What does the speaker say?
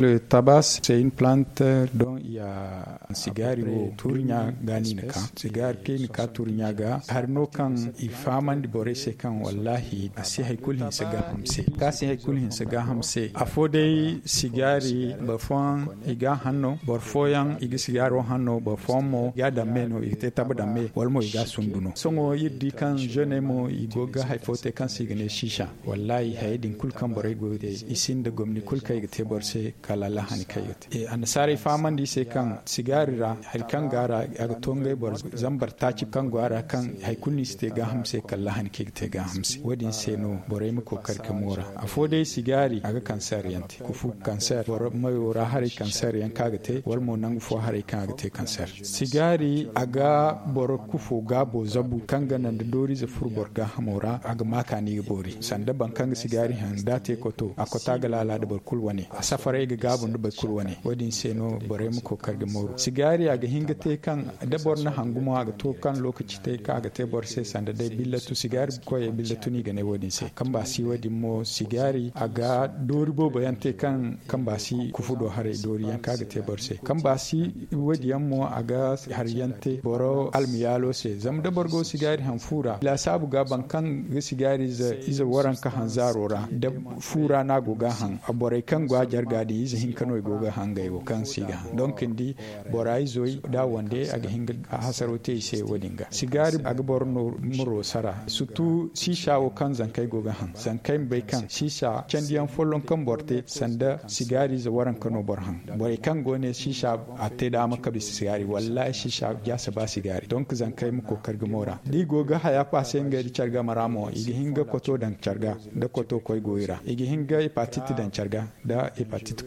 Le tabac, c'est une plante dont il y a sigari turnyagani ne kan sigar Cigare ni ka turnyaga har no kan i faman di bore se kan wallahi asi hay kul hin se gaham se ka si hay kul hin se gaham se afo dai sigari iga hanno Borfoyan iga igi hanno ba fon meno ite taba da me wal mo iga sunduno songo yiddi kan jeune mo igoga hay fote kan signe shisha wallahi hay din kul kan bore isin da gomni kul kai te borse kala lahani kayet uh, e eh, an sare di se kan sigarira hay kan gara aga tongai bor zambar taci kan gara kan hay kunni ste ga hamse kala lahani te ga hamse wadin se no bore mu ko karka mora afode sigari aga kanser yante ku fu kanser bor mai wora hari kanser yan kaga te wal mo nangu fo hari kaga te kanser sigari aga bor ku fu ga bo zabu kan ga nan dori ze fur bor ga hamora aga makani bori sanda bankan sigari han date to akota ga lala da bor kulwane a safarai. ga gabon da bai ba ne wadin sai no bare mu ko ga moro sigari ga hinga te kan dabor na hanguma ga to kan lokaci te ka ga te bor sai sanda dai billatu sigari ko ya billatu ni ga ne wadin sai kan ba si wadin mo sigari aga dori bo bayan te kan kan ba si kufudo hare dori yan ka ga te bor sai kan ba si wadin mo aga har yante boro almiyalo se zam da borgo sigari han fura la sabu ga ban kan ga sigari za iza waran ka han zarora da fura na goga han abore kan gwajar gadi Kano hinkano goga hanga wo kan siga donc ndi borai zoi da wande aga hinga hasarote ise wadinga. sigari aga borno muro sara sutu shisha wo kan zankai goga han zankai bai kan shisha candiyan folon kan borte sanda sigari za waran kano bor han bore kan gone shisha atte da maka bi sigari wallahi shisha ya saba sigari donc zankai mu kokar gumora di goga haya pasen ga charga maramo igi hinga koto dan charga da koto koi goira igi hinga ipatiti dan charga da hepatiti